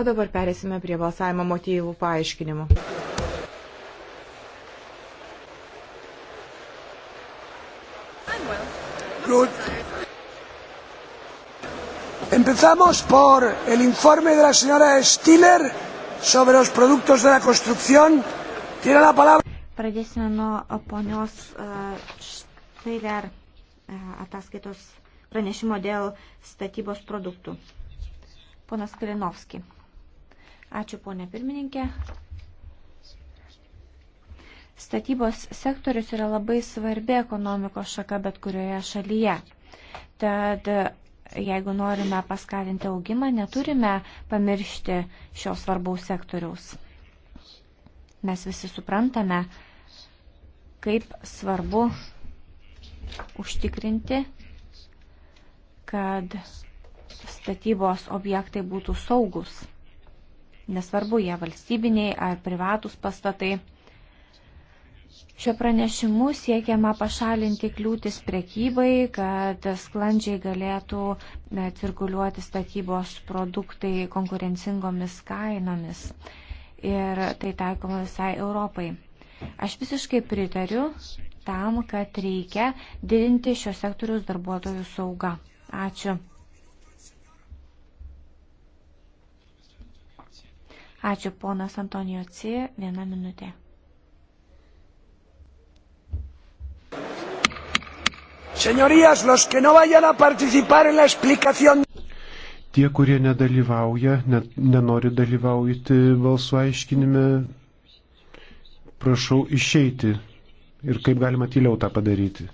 O dabar perėsime prie balsavimo motyvų paaiškinimų. Good. Empezamos por el informe de la señora Stiller sobre los productos de la construcción. Tiene la palabra. Pradėsime nuo ponios eh, Stiller eh, ataskaitos pranešimo dėl statybos produktų. Ponas Kalinovski. Ačiū, ponė pirmininkė. Statybos sektorius yra labai svarbi ekonomikos šaka bet kurioje šalyje. Tad jeigu norime paskatinti augimą, neturime pamiršti šio svarbaus sektoriaus. Mes visi suprantame, kaip svarbu užtikrinti, kad statybos objektai būtų saugus nesvarbu jie valstybiniai ar privatus pastatai. Šio pranešimu siekiama pašalinti kliūtis prekybai, kad sklandžiai galėtų e, cirkuliuoti statybos produktai konkurencingomis kainomis. Ir tai taikoma visai Europai. Aš visiškai pritariu tam, kad reikia didinti šios sektorius darbuotojų saugą. Ačiū. Ačiū, ponas Antonijo C. Viena minutė. Señorías, los que no vayan a participar en la explicación. Tie, kurie nedalyvauja, net, nenori dalyvauti balsų aiškinime, prašau išeiti ir kaip galima tyliau tą padaryti.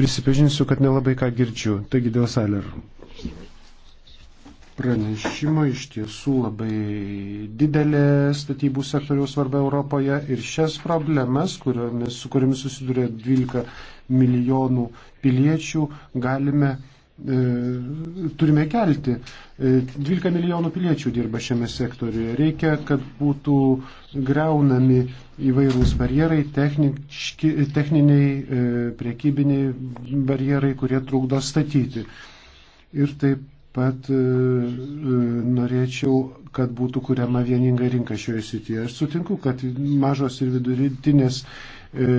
Prisipažinsiu, kad nelabai ką girdžiu, taigi dėl salerų pranešimą iš tiesų labai didelė statybų sektoriaus svarba Europoje ir šias problemas, kuriomis, su kuriamis susiduria 12 milijonų piliečių, galime, e, turime kelti. E, 12 milijonų piliečių dirba šiame sektoriuje. Reikia, kad būtų greunami įvairūs barjerai, techniški, techniniai, e, priekybiniai barjerai, kurie trukdo statyti. Ir taip pat e, e, norėčiau, kad būtų kuriama vieninga rinka šioje srityje. Aš sutinku, kad mažos ir vidurytinės e,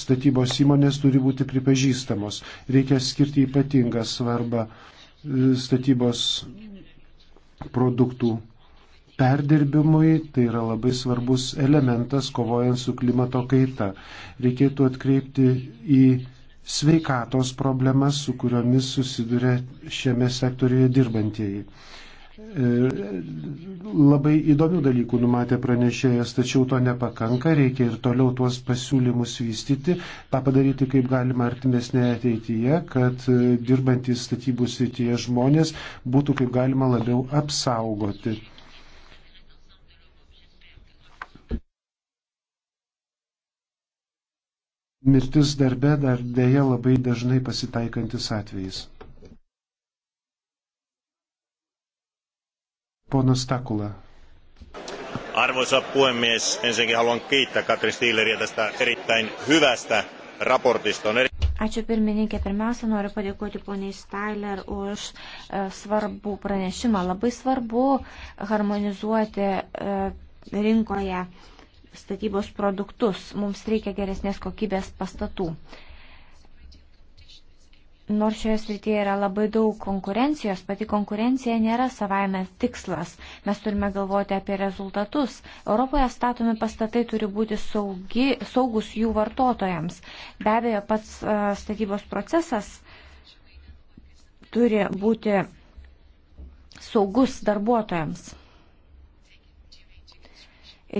statybos įmonės turi būti pripažįstamos. Reikia skirti ypatingą svarbą e, statybos produktų perdirbimui, tai yra labai svarbus elementas kovojant su klimato kaita. Reikėtų atkreipti į sveikatos problemas, su kuriomis susiduria šiame sektorijoje dirbantieji. E, labai įdomių dalykų numatė pranešėjas, tačiau to nepakanka, reikia ir toliau tuos pasiūlymus vystyti, tą padaryti kaip galima artimesnėje ateityje, kad e, dirbantys statybų srityje žmonės būtų kaip galima labiau apsaugoti. Mirtis darbe dar dėja labai dažnai pasitaikantis atvejis. Ponas Takula. Arvoisa puhemies, ensinnäkin haluan kiittää Katri Stiileriä tästä erittäin hyvästä raportista. On eri... Ačiū pirmininkė. Pirmiausia, noriu padėkoti poniai Styler už e, svarbų pranešimą. Labai svarbu harmonizuoti e, rinkoje statybos produktus. Mums reikia geresnės kokybės pastatų. Nors šioje srityje yra labai daug konkurencijos, pati konkurencija nėra savaime tikslas. Mes turime galvoti apie rezultatus. Europoje statomi pastatai turi būti saugi, saugus jų vartotojams. Be abejo, pats uh, statybos procesas turi būti saugus darbuotojams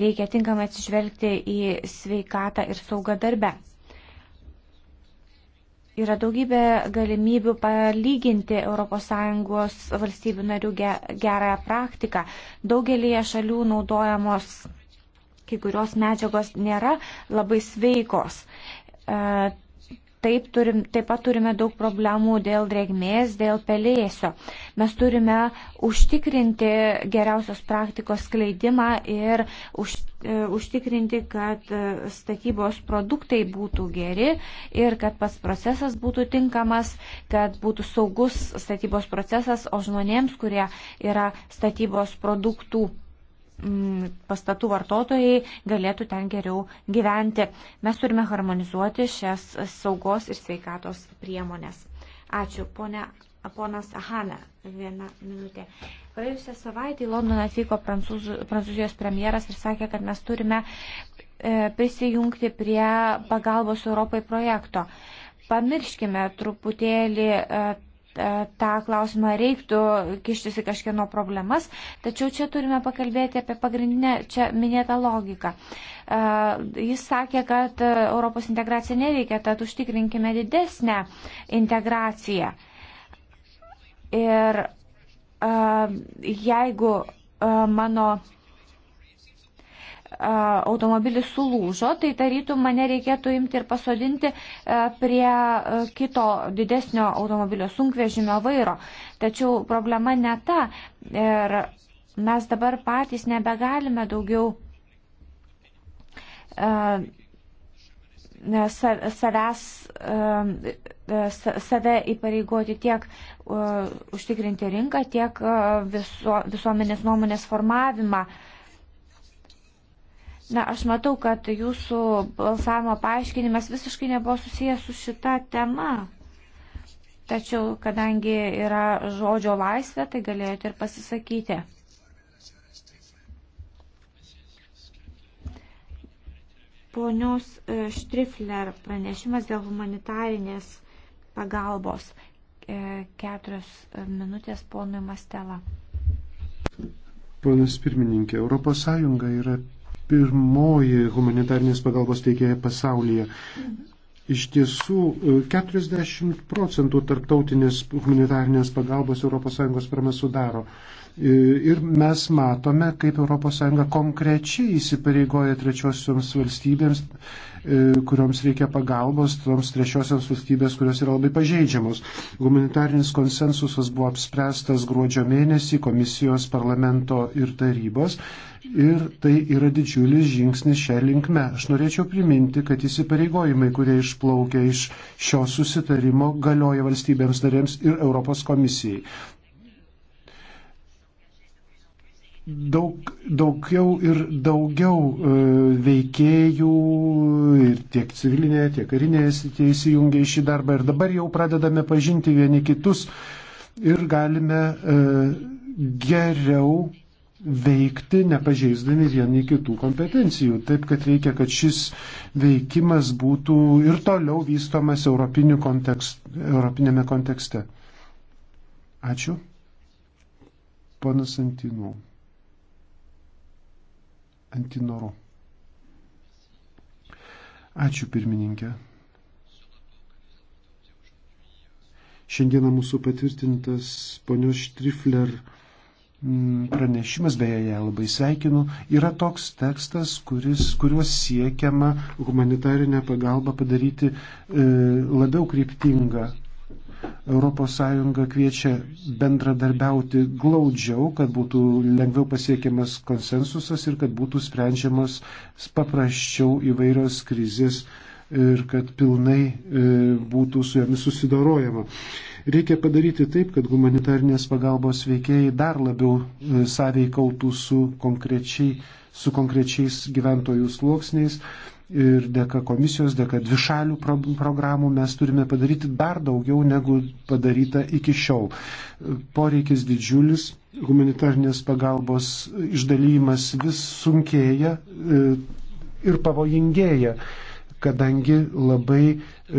reikia tinkamai atsižvelgti į sveikatą ir saugą darbę. Yra daugybė galimybių palyginti ES valstybių narių gerąją praktiką. Daugelįje šalių naudojamos kai kurios medžiagos nėra labai sveikos. E, Taip, turim, taip pat turime daug problemų dėl drėgmės, dėl pelėsio. Mes turime užtikrinti geriausios praktikos skleidimą ir už, e, užtikrinti, kad e, statybos produktai būtų geri ir kad pats procesas būtų tinkamas, kad būtų saugus statybos procesas, o žmonėms, kurie yra statybos produktų Mm, pastatų vartotojai galėtų ten geriau gyventi. Mes turime harmonizuoti šias saugos ir sveikatos priemonės. Ačiū, ponė, ponas Ahana, vieną minutę. Praėjusią savaitę į Londoną atvyko prancūzų, prancūzijos premjeras ir sakė, kad mes turime e, prisijungti prie pagalbos Europai projekto. Pamirškime truputėlį e, E, tą klausimą reiktų kištis į kažkieno problemas, tačiau čia turime pakalbėti apie pagrindinę čia minėtą logiką. E, jis sakė, kad Europos integracija nereikia, tad užtikrinkime didesnę integraciją. Ir e, jeigu mano automobilis sulūžo, tai tarytų mane reikėtų imti ir pasodinti prie kito didesnio automobilio sunkvežimio vairo. Tačiau problema ne ta. Ir mes dabar patys nebegalime daugiau savęs, save įpareigoti tiek užtikrinti rinką, tiek visuomenės nuomonės formavimą. Na, aš matau, kad jūsų balsavimo paaiškinimas visiškai nebuvo susijęs su šita tema. Tačiau, kadangi yra žodžio laisvė, tai galėjote ir pasisakyti. Ponios e, Štrifler pranešimas dėl humanitarinės pagalbos. E, keturios minutės ponui Mastela. Ponas pirmininkė, ES yra pirmoji humanitarnės pagalbos teikėja pasaulyje. Iš tiesų, 40 e, procentų tarptautinės humanitarnės pagalbos ES parama sudaro. E, ir mes matome, kaip ES konkrečiai įsipareigoja trečiosioms valstybėms, e, kurioms reikia pagalbos, toms trečiosioms valstybės, kurios yra labai pažeidžiamos. Humanitarinis konsensusas buvo apspręstas gruodžio mėnesį komisijos, parlamento ir tarybos ir tai yra didžiulis žingsnis šią linkmę. Aš norėčiau priminti, kad įsipareigojimai, kurie išplaukia iš šio susitarimo, galioja valstybėms narėms ir Europos komisijai. daug, daugiau ir daugiau e, veikėjų ir tiek civilinėje, tiek karinėje srityje įsijungia į šį darbą ir dabar jau pradedame pažinti vieni kitus ir galime e, geriau veikti, nepažeisdami vieni kitų kompetencijų. Taip, kad reikia, kad šis veikimas būtų ir toliau vystomas kontekst, europinėme kontekste. Ačiū. Ponas Antinu. Antinoru. Ačiū pirmininkė. Šiandieną mūsų patvirtintas ponios Štrifler Mm, pranešimas, beje, ją labai sveikinu, yra toks tekstas, kuris, kuriuo siekiama humanitarinę pagalbą padaryti e, labiau kryptingą. ES kviečia bendradarbiauti glaudžiau, kad būtų lengviau pasiekiamas konsensusas ir kad būtų sprendžiamas paprasčiau įvairios krizės ir kad pilnai e, būtų su jomis susidorojama. E, Reikia padaryti taip, kad humanitarnės pagalbos veikėjai dar labiau e, sąveikautų su, konkrečiai, su konkrečiais gyventojų sluoksniais. Ir dėka komisijos, dėka dvišalių pro programų mes turime padaryti dar daugiau negu padaryta iki šiol. Poreikis didžiulis, humanitarnės pagalbos išdalymas vis sunkėja e, ir pavojingėja, kadangi labai E,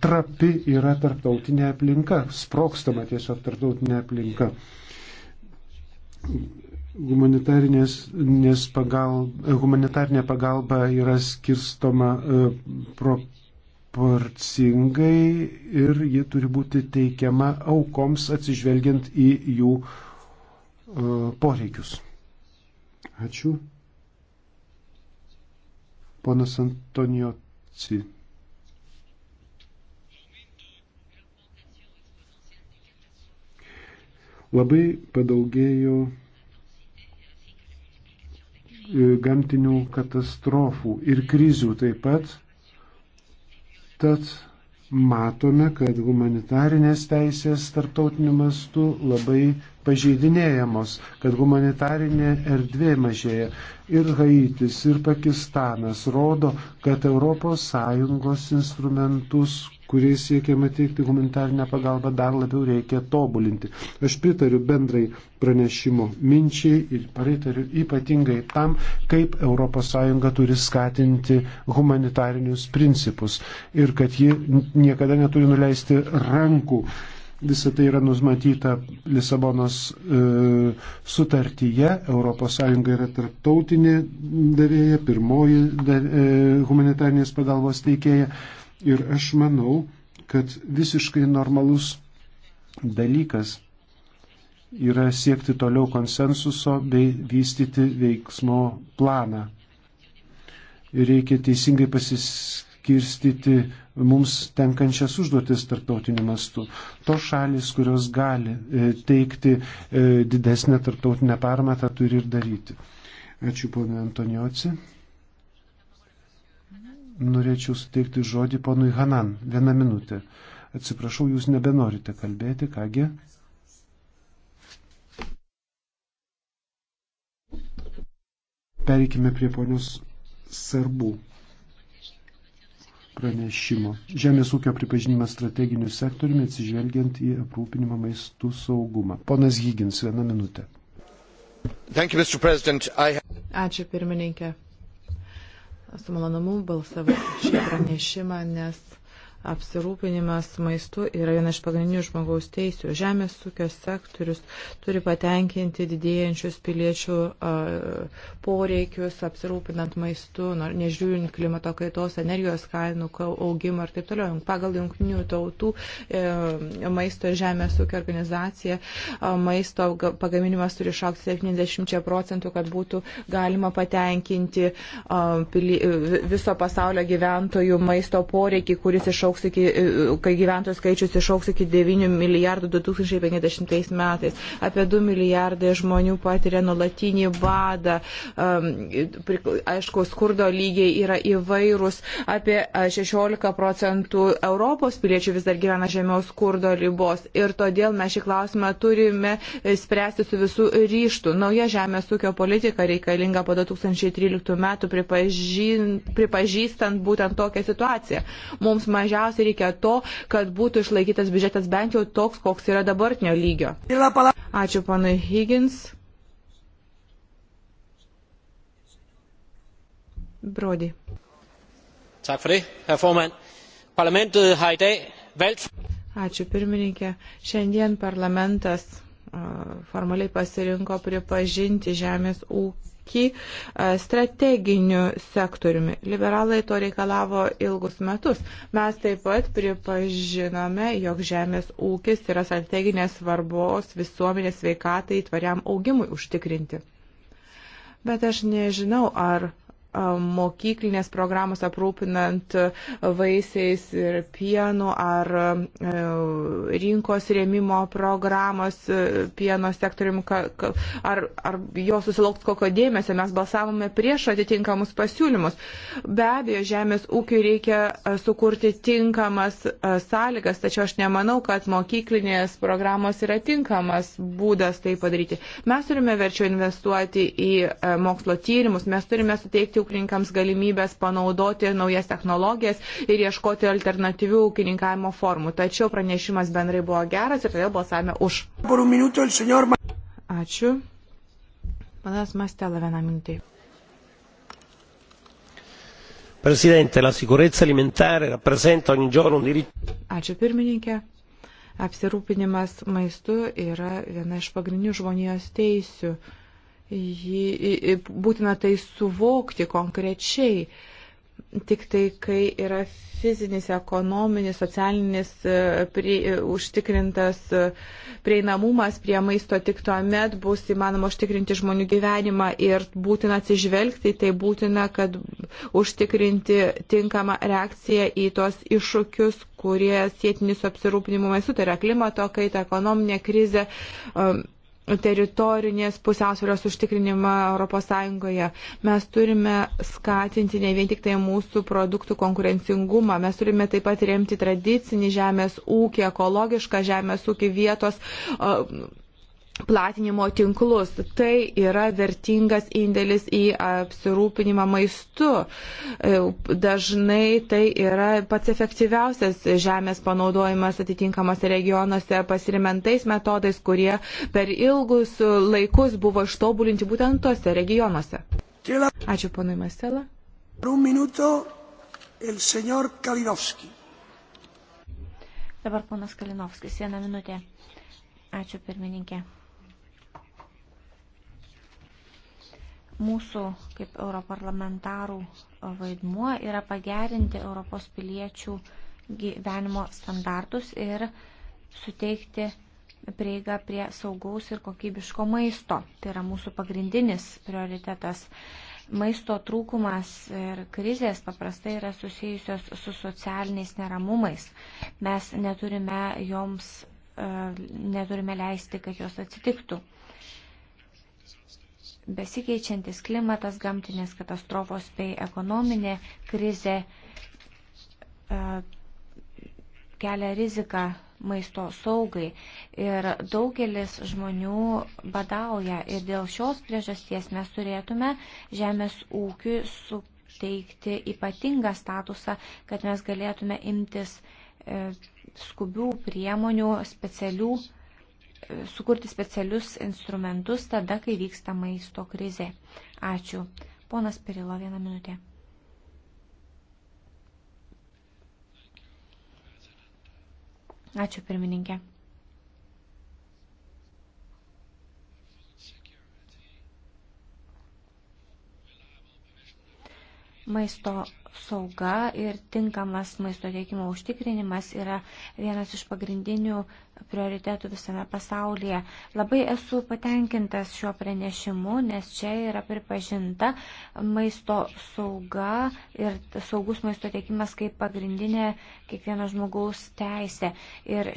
trapi yra tarptautinė aplinka, sprokstama tiesiog tarptautinė aplinka. Humanitarinė pagalba, pagalba yra skirstoma e, proporcingai ir ji turi būti teikiama aukoms atsižvelgiant į jų e, poreikius. Ačiū. Ponas Antoniotsi. Labai padaugėjo e, gamtinių katastrofų ir krizių taip pat. Tad matome, kad humanitarinės teisės tarptautiniu mastu labai pažeidinėjamos, kad humanitarinė erdvė mažėja. Ir Haitis, ir Pakistanas rodo, kad ES instrumentus kuriais siekiama teikti humanitarinę pagalbą, dar labiau reikia tobulinti. Aš pritariu bendrai pranešimo minčiai ir pritariu ypatingai tam, kaip ES turi skatinti humanitarinius principus ir kad ji niekada neturi nuleisti rankų Visą tai yra numatyta Lisabonos e, sutartyje, ES yra tarptautinė davėja, pirmoji da, e, humanitarnės pagalbos teikėja. Ir aš manau, kad visiškai normalus dalykas yra siekti toliau konsensuso bei vystyti veiksmo planą. Reikia teisingai pasiskirstyti mums tenkančias užduotis tarptautiniu mastu. To šalis, kurios gali e, teikti e, didesnę tarptautinę paramą, tą turi ir daryti. Ačiū, ponė Antonioci norėčiau suteikti žodį ponui Hanan. Vieną minutę. Atsiprašau, jūs nebenorite kalbėti, kągi. Pereikime prie ponios Sarbų pranešimo. Žemės ūkio pripažinimas strateginiu sektoriumi atsižvelgiant į aprūpinimą maistų saugumą. Ponas Hygins, vieną minutę. You, I... Ačiū pirmininkė su malonumu balsavau šį pranešimą, nes Apsirūpinimas maistu yra viena iš pagrindinių žmogaus teisių. Žemės ūkio sektorius turi patenkinti didėjančius piliečių poreikius, apsirūpinant maistu, nežiūrint klimato kaitos, energijos kainų augimą ir taip toliau. Pagal jungtinių tautų e, maisto ir žemės ūkio organizaciją maisto pagaminimas turi išaukti 70 procentų, kad būtų galima patenkinti e, viso pasaulio gyventojų maisto poreikį, kuris išaukti išauks iki, kai gyventojų skaičius išauks iki 9 milijardų 2050 metais. Apie 2 milijardai žmonių patiria nuolatinį badą. Aišku, skurdo lygiai yra įvairūs. Apie 16 procentų Europos piliečių vis dar gyvena žemiau skurdo ribos. Ir todėl mes šį klausimą turime e, spręsti su visų ryštų. Nauja žemės ūkio politika reikalinga po 2013 metų pripažįstant būtent tokią situaciją. Mums mažiausiai pirmiausia reikia to, kad būtų išlaikytas biudžetas bent jau toks, koks yra dabartinio lygio. Ačiū panai Higgins. Brody. Tak for det, herr formand. Parlamentet har i dag valgt. Ačiū pirmininkė. Šiandien parlamentas formaliai pasirinko pripažinti žemės ūkį tiki e, strateginiu sektoriumi. Liberalai to reikalavo ilgus metus. Mes taip pat pripažinome, jog žemės ūkis yra strateginės svarbos visuomenės veikatai tvariam augimui užtikrinti. Bet aš nežinau, ar mokyklinės programos aprūpinant vaisiais ir pienu ar e, rinkos rėmimo programos e, pieno sektorium, ar, ar jo susilaukt kokio dėmesio. Mes balsavome prieš atitinkamus pasiūlymus. Be abejo, žemės ūkiui reikia e, sukurti tinkamas sąlygas, tačiau aš nemanau, kad mokyklinės programos yra tinkamas būdas tai padaryti. Mes turime verčiau investuoti į mokslo tyrimus, mes turime suteikti ūkininkams galimybės panaudoti naujas technologijas ir ieškoti alternatyvių ūkininkavimo formų. Tačiau pranešimas bendrai buvo geras ir todėl balsavome už. Ačiū. Panas Mastela vieną minutį. Presidente, la sicurezza alimentare rappresenta ogni giorno un diritto. Ačiū pirmininkė apsirūpinimas maistu yra viena iš pagrindinių žmonijos teisių jį, būtina tai suvokti konkrečiai. Tik tai, kai yra fizinis, ekonominis, socialinis e, prie, užtikrintas e, prieinamumas prie maisto, tik tuomet bus įmanoma užtikrinti žmonių gyvenimą ir būtina atsižvelgti, tai būtina, kad užtikrinti tinkamą reakciją į tos iššūkius, kurie sėtini su apsirūpinimu maistu, tai yra klimato kaita, ekonominė krizė. Um, teritorinės pusiausvėros užtikrinimą ES. Mes turime skatinti ne vien tik tai mūsų produktų konkurencingumą, mes turime taip pat remti tradicinį žemės ūkį, ekologišką žemės ūkį vietos. Uh, platinimo tinklus. Tai yra vertingas indėlis į apsirūpinimą maistu. E, dažnai tai yra pats efektyviausias žemės panaudojimas atitinkamose regionuose pasirimentais metodais, kurie per ilgus laikus buvo ištobulinti būtent tose regionuose. Ačiū ponui Masela. Dabar ponas Kalinovskis, vieną minutę. Ačiū pirmininkė. mūsų kaip europarlamentarų vaidmuo yra pagerinti Europos piliečių gyvenimo standartus ir suteikti prieiga prie saugaus ir kokybiško maisto. Tai yra mūsų pagrindinis prioritetas. Maisto trūkumas ir krizės paprastai yra susijusios su socialiniais neramumais. Mes neturime joms, e, neturime leisti, kad jos atsitiktų besikeičiantis klimatas, gamtinės katastrofos bei ekonominė krizė e, kelia riziką maisto saugai. Ir daugelis žmonių badauja. Ir dėl šios priežasties mes turėtume žemės ūkiui suteikti ypatingą statusą, kad mes galėtume imtis e, skubių priemonių, specialių priemonių sukurti specialius instrumentus tada, kai vyksta maisto krize. Ačiū. Ponas Pirilo, vieną minutę. Ačiū pirmininkė. Maisto sauga ir tinkamas maisto tiekimo užtikrinimas yra vienas iš pagrindinių prioritetų visame pasaulyje. Labai esu patenkintas šiuo pranešimu, nes čia yra pripažinta maisto sauga ir saugus maisto tiekimas kaip pagrindinė kiekvieno žmogaus teisė. Ir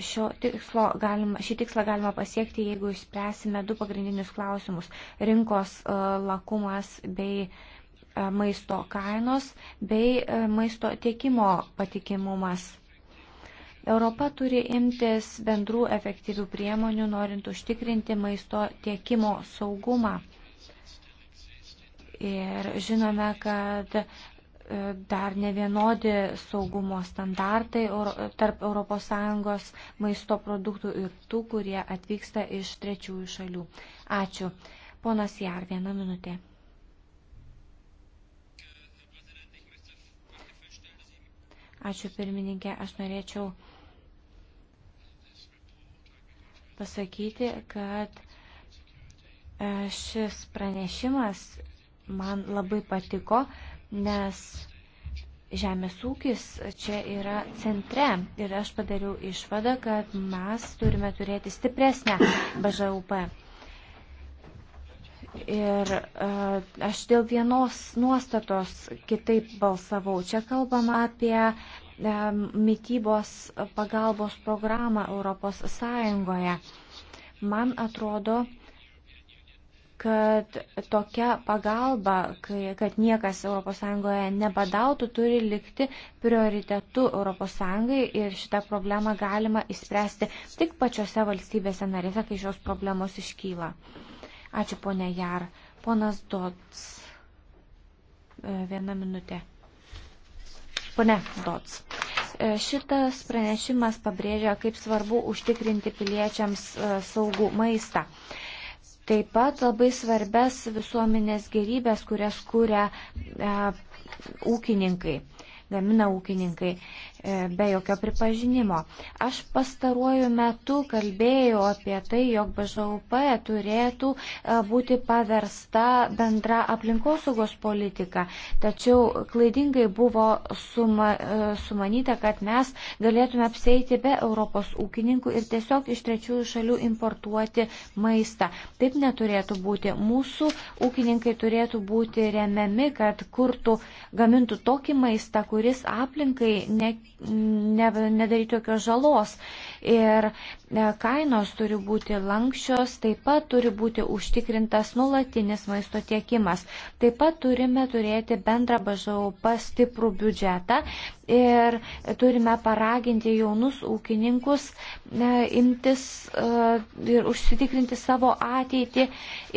galima, šį tikslą galima pasiekti, jeigu išspręsime du pagrindinius klausimus - rinkos uh, lakumas bei uh, E, maisto kainos bei e, maisto tiekimo patikimumas. Europa turi imtis bendrų efektyvių priemonių, norint užtikrinti maisto tiekimo saugumą. Ir žinome, kad e, dar ne vienodi saugumo standartai tarp ES maisto produktų ir tų, kurie atvyksta iš trečiųjų šalių. Ačiū. Ponas Jar, viena minutė. Ačiū pirmininkė, aš norėčiau pasakyti, kad e, šis pranešimas man labai patiko, nes žemės ūkis čia yra centre ir aš padariau išvadą, kad mes turime turėti stipresnę BŽUP. Ir e, aš dėl vienos nuostatos kitaip balsavau. Čia kalbama apie e, mytybos pagalbos programą Europos Sąjungoje. Man atrodo, kad tokia pagalba, kai, kad niekas ES nebadautų, turi likti prioritetu ES ir šitą problemą galima įspręsti tik pačiose valstybėse narėse, kai šios problemos iškyla. Ačiū, ponė Jar. Ponas Dots. E, viena minutė. Pone Dots. E, šitas pranešimas pabrėžia, kaip svarbu užtikrinti piliečiams e, saugų maistą. Taip pat labai svarbes visuomenės gerybės, kurias kūrė e, ūkininkai, gamina ūkininkai. E, be jokio pripažinimo. Aš pastaruoju metu kalbėjau apie tai, jog BŽUP turėtų e, būti paversta bendra aplinkosaugos politika, tačiau klaidingai buvo suma, e, sumanyta, kad mes galėtume apseiti be Europos ūkininkų ir tiesiog iš trečiųjų šalių importuoti maistą. Taip neturėtų būti. Mūsų ūkininkai turėtų būti remiami, kad kurtų, gamintų tokį maistą, kuris aplinkai ne, ne, nedaryti tokios žalos. Ir e, kainos turi būti lankščios, taip pat turi būti užtikrintas nulatinis maisto tiekimas. Taip pat turime turėti bendrą BŽUP stiprų biudžetą ir turime paraginti jaunus ūkininkus e, imtis e, ir užsitikrinti savo ateitį.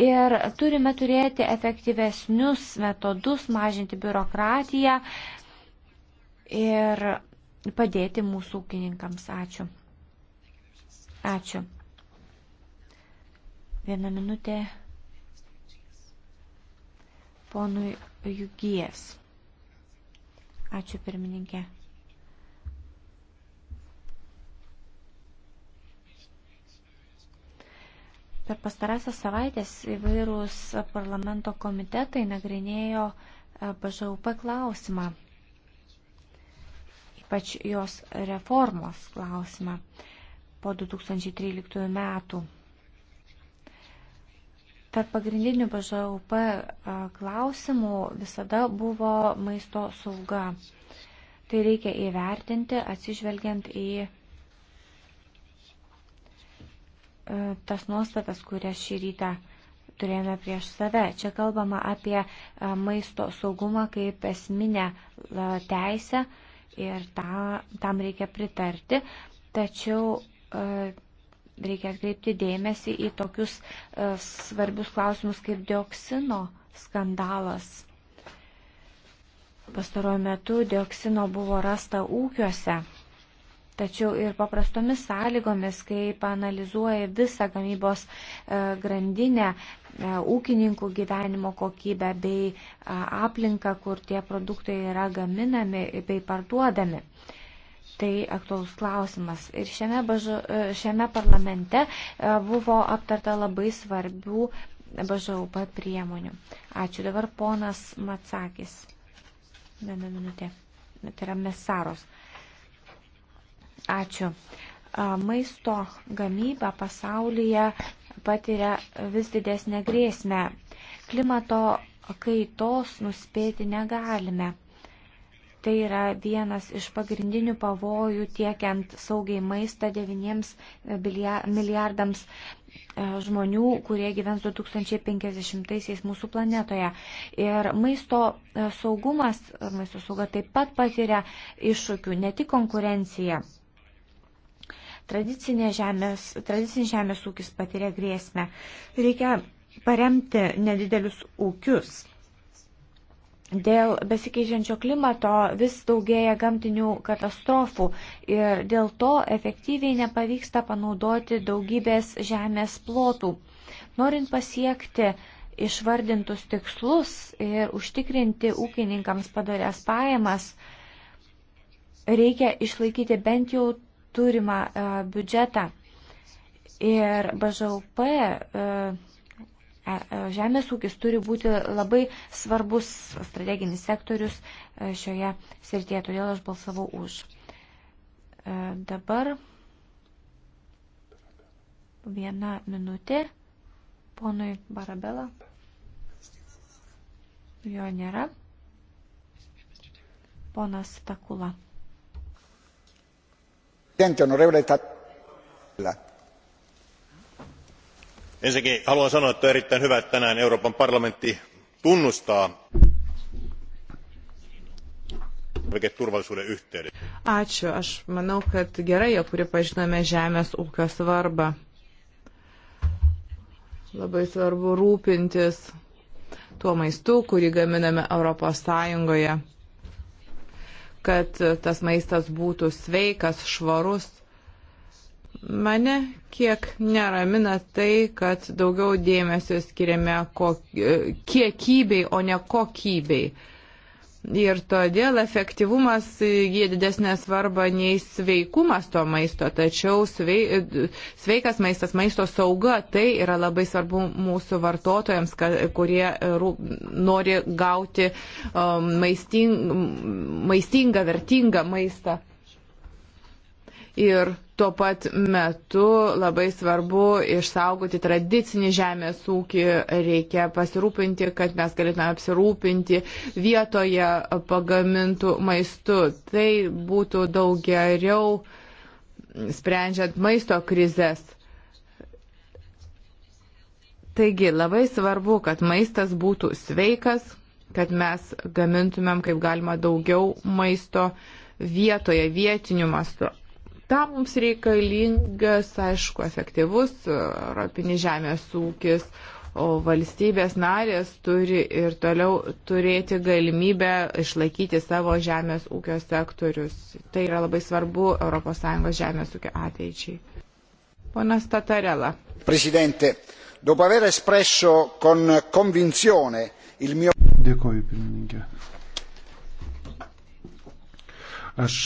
Ir turime turėti efektyvesnius metodus, mažinti biurokratiją. Ir padėti mūsų ūkininkams. Ačiū. Ačiū. Vieną minutę ponui Jugijas. Ačiū pirmininkė. Per pastarąsias savaitės įvairūs parlamento komitetai nagrinėjo e, BŽUP klausimą ypač jos reformos klausimą po 2013 metų. Tarp pagrindinių BŽUP klausimų visada buvo maisto sauga. Tai reikia įvertinti atsižvelgiant į e, tas nuostatas, kurias šį rytą turėjome prieš save. Čia kalbama apie maisto saugumą kaip esminę teisę ir ta, tam reikia pritarti, tačiau e, reikia atkreipti dėmesį į tokius e, svarbius klausimus kaip dioksino skandalas. Pastaruoju metu dioksino buvo rasta ūkiuose tačiau ir paprastomis sąlygomis, kai panalizuoja visą gamybos e, grandinę, e, ūkininkų gyvenimo kokybę bei aplinką, kur tie produktai yra gaminami bei parduodami. Tai aktuolus klausimas. Ir šiame, bažu, e, šiame parlamente buvo aptarta labai svarbių BŽUP priemonių. Ačiū dabar ponas Matsakis. Viena minutė. Tai yra Mesaros. Uh, Ačiū. Maisto gamyba pasaulyje patiria vis didesnę grėsmę. Klimato kaitos nuspėti negalime. Tai yra vienas iš pagrindinių pavojų tiekiant saugiai maistą 9 milijardams e, žmonių, kurie gyvens 2050-aisiais mūsų planetoje. Ir maisto e, saugumas, maisto sauga taip pat patiria iššūkių, ne tik konkurencija tradicinė žemės, tradicinis žemės ūkis patiria grėsmę. Reikia paremti nedidelius ūkius. Dėl besikeičiančio klimato vis daugėja gamtinių katastrofų ir dėl to efektyviai nepavyksta panaudoti daugybės žemės plotų. Norint pasiekti išvardintus tikslus ir užtikrinti ūkininkams padarės pajamas, reikia išlaikyti bent jau turimą e, biudžetą. Ir BŽUP e, e, žemės ūkis turi būti labai svarbus strateginis sektorius šioje srityje, todėl aš balsavau už. Dabar viena minutė ponui Barabela. Jo nėra. Ponas Takula presidente onorevole tarabella. ensinnäkin haluan sanoa että on erittäin hyvä että tänään euroopan parlamentti tunnustaa elintarviketurvallisuuden yhteyden. ačiū aš manau kad gerai jog pripažinome žemės ūkio svarbą. labai svarbu rūpintis tuo maistu kurį gaminame europos sąjungoje kad tas maistas būtų sveikas, švarus. Mane kiek neramina tai, kad daugiau dėmesio skiriame kiekybei, o ne kokybei. Ir todėl efektyvumas įgyja didesnę svarbą nei sveikumas to maisto, tačiau sveikas maistas, maisto sauga, tai yra labai svarbu mūsų vartotojams, kurie nori gauti um, maisting, maistingą, vertingą maistą. Ir Tuo pat metu labai svarbu išsaugoti tradicinį žemės ūkį, reikia pasirūpinti, kad mes galėtume apsirūpinti vietoje pagamintų maistų. Tai būtų daug geriau sprendžiant maisto krizės. Taigi labai svarbu, kad maistas būtų sveikas, kad mes gamintumėm kaip galima daugiau maisto vietoje, vietiniu mastu. Tam mums reikalingas, aišku, efektyvus e, europinis žemės ūkis, o valstybės narės turi ir toliau turėti galimybę išlaikyti savo žemės ūkio sektorius. Tai yra labai svarbu ES žemės ūkio ateičiai. Ponas Tatarela. Presidente, dopo aver espresso con convinzione il mio. Dėkoju, pirmininkė. Aš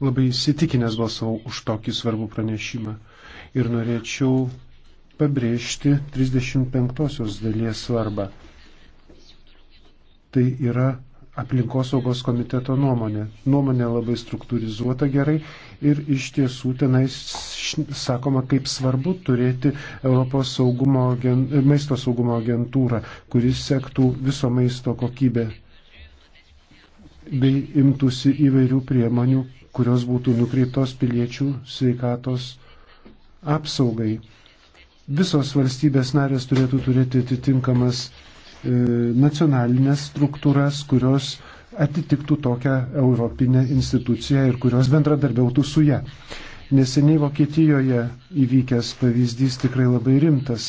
labai įsitikinęs balsavau už tokį svarbų pranešimą. Ir norėčiau pabrėžti 35 dalies svarbą. Tai yra aplinkosaugos komiteto nuomonė. Nuomonė labai struktūrizuota gerai ir iš tiesų tenais sakoma, kaip svarbu turėti Europos saugumo, maisto saugumo agentūrą, kuris sektų viso maisto kokybę bei imtųsi įvairių priemonių kurios būtų nukreiptos piliečių sveikatos apsaugai. Visos valstybės narės turėtų turėti atitinkamas e, nacionalinės struktūras, kurios atitiktų tokią europinę instituciją ir kurios bendradarbiautų su ją. Neseniai Vokietijoje įvykęs pavyzdys tikrai labai rimtas.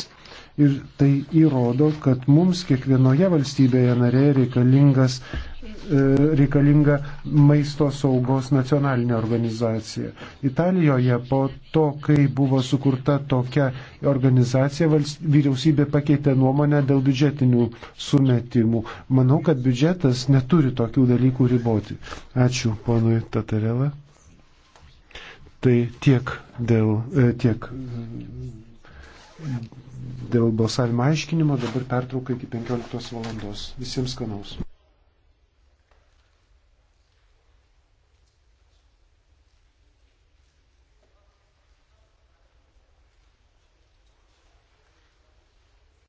Ir tai įrodo, kad mums kiekvienoje valstybėje narėje reikalingas E, reikalinga maisto saugos nacionalinė organizacija. Italijoje po to, kai buvo sukurta tokia organizacija, vyriausybė pakeitė nuomonę dėl biudžetinių sumetimų. Manau, kad biudžetas neturi tokių dalykų riboti. Ačiū ponui Tatarela. Tai tiek dėl. E, tiek dėl balsavimo aiškinimo, dabar pertrauka iki 15 valandos. Visiems skanaus.